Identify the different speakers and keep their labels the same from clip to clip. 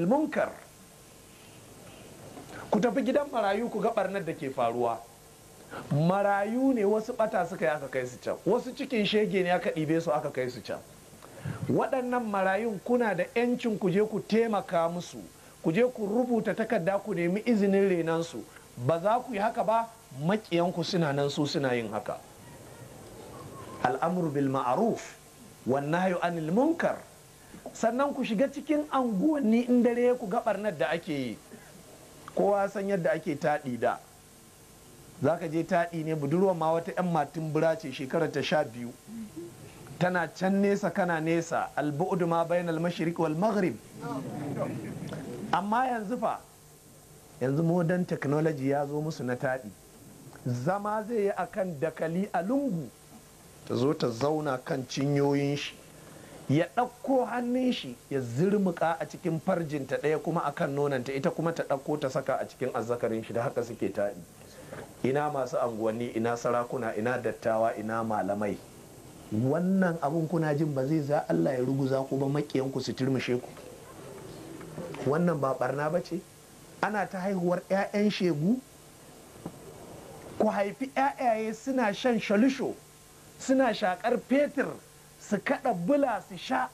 Speaker 1: munkar ku tafi gidan marayu ku ga barnar da ke faruwa marayu ne wasu bata suka yi aka kai su can wasu cikin shege ne aka ɗibe su aka kai su can waɗannan marayun kuna da 'yancin ku je ku taimaka musu ku je ku rubuta takarda ku nemi izinin renansu ba za ku yi haka ba maƙiyanku suna nan su suna yin haka al'amru bil ma'aruf wannan hayo anil munkar sannan ku shiga cikin anguwanni in dare ku ga barnar da ake yi kowa san yadda ake taɗi da za ka je taɗi ne budurwa ma wata 'yan matin bura ce shekarar ta sha biyu tana can nesa kana nesa albu'udu ma bayan almashirik wal maghrib amma yanzu fa yanzu modern technology ya zo musu na taɗi zama zai yi akan dakali a lungu ta zo ta zauna kan cinyoyin shi ya ɗauko hannun shi ya zirmuka a cikin farjinta ɗaya kuma akan nonanta ita kuma ta ɗauko ta saka a cikin azzakarin shi da haka suke taɗi ina masu anguwanni ina sarakuna ina dattawa ina malamai wannan abun kuna jin ba zai za Allah ya ruguza ku ba makiyanku su turmushe ku wannan ba barna ba ce ana ta haihuwar 'ya'yan shegu ku haifi 'ya'yaye suna shan shalisho suna shakar fetur su kaɗa bula su sha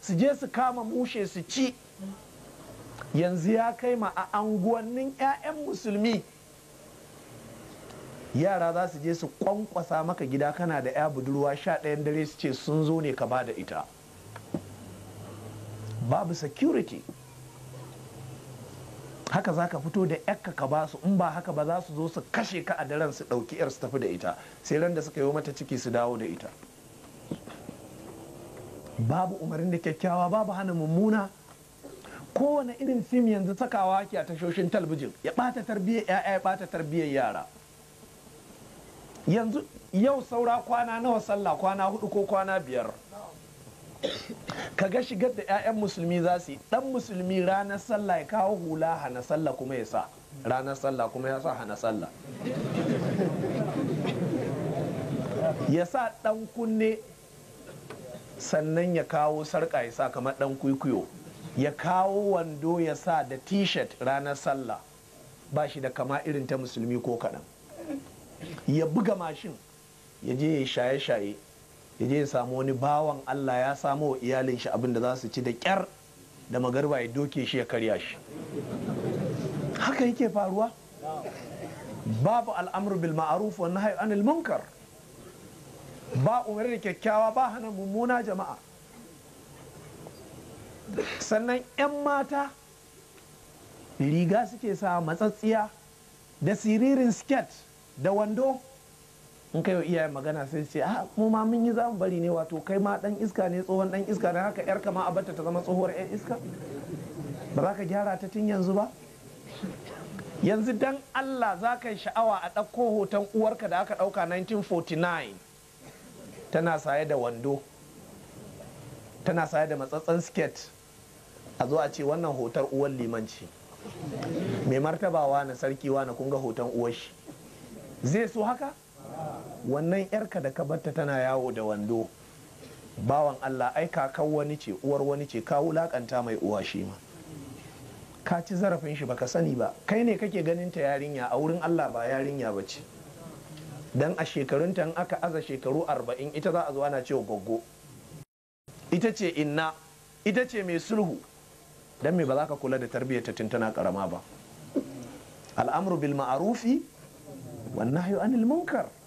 Speaker 1: su je su kama mushe su ci yanzu ya kai ma a anguwannin 'ya'yan musulmi yara za su je su kwankwasa maka gida kana da 'ya budurwa sha ɗayan dare su ce sun zo ne ka ba da ita babu security haka za ka fito da yakka ka basu in ba haka ba za su zo su kashe ka a daren su ɗauki 'yar su tafi da ita sai ran da suka yi mata ciki su dawo da ita babu umarin da kyakkyawa babu hana mummuna kowane irin fim yanzu sakawa ke a tashoshin talbijin ya bata tarbiyyar ya bata tarbiyyar yara yanzu yau saura kwana nawa sallah kwana hudu ko kwana biyar ka ga shigar da 'ya'yan musulmi za su yi dan musulmi ranar sallah ya kawo hula hana sallah kuma ya sa ranar sallah kuma ya sa hana sallah ya sa dan kunne sannan ya kawo sarƙa ya sa kamar ɗan kwikwiyo ya kawo wando ya sa da t-shirt ranar sallah ba shi da kama irin ta musulmi ko kaɗan ya buga mashin ya je ya shaye-shaye ya je ya samu wani bawan allah ya samo wa iyalin shi abin da za su ci da ƙyar da magarba ya doke shi ya karya shi haka yake faruwa babu al'amru bil ma'ruf wa nahyi anil munkar ba umarni kyakkyawa ba hana mummuna jama'a sannan 'yan mata riga suke sa matsatsiya da siririn siket da wando in kai wa iyayen magana sai ce Aa ah, mu ma mun yi zamu bari ne wato kai ma dan iska ne tsohon dan iska dan haka yar kama a batta ta zama tsohuwar yan iska ba za ka gyara ta tun yanzu ba yanzu dan Allah za ka yi sha'awa a ɗauko hoton uwarka da aka ɗauka 1949 tana saye da wando tana saye da matsatsen siket a zo a ce wannan hotar uwan limanci mai martabawa na sarki na kunga hoton uwar shi zai so haka wannan yarka da ka batta tana yawo da wando bawan allah ai kakan wani ce uwar wani ce ka wulakanta mai uwa shi ma ka ci zarafin shi baka sani ba kai ne kake ganin ta yarinya a wurin allah ba yarinya ba ce dan a shekarunta in aka aza shekaru arba'in ita za a zo ana cewa goggo ita ce inna ita ce mai sulhu dan me ba za ka kula da tarbiyyar ta tana karama ba al'amru bil ma'arufi wan nahyu anil munkar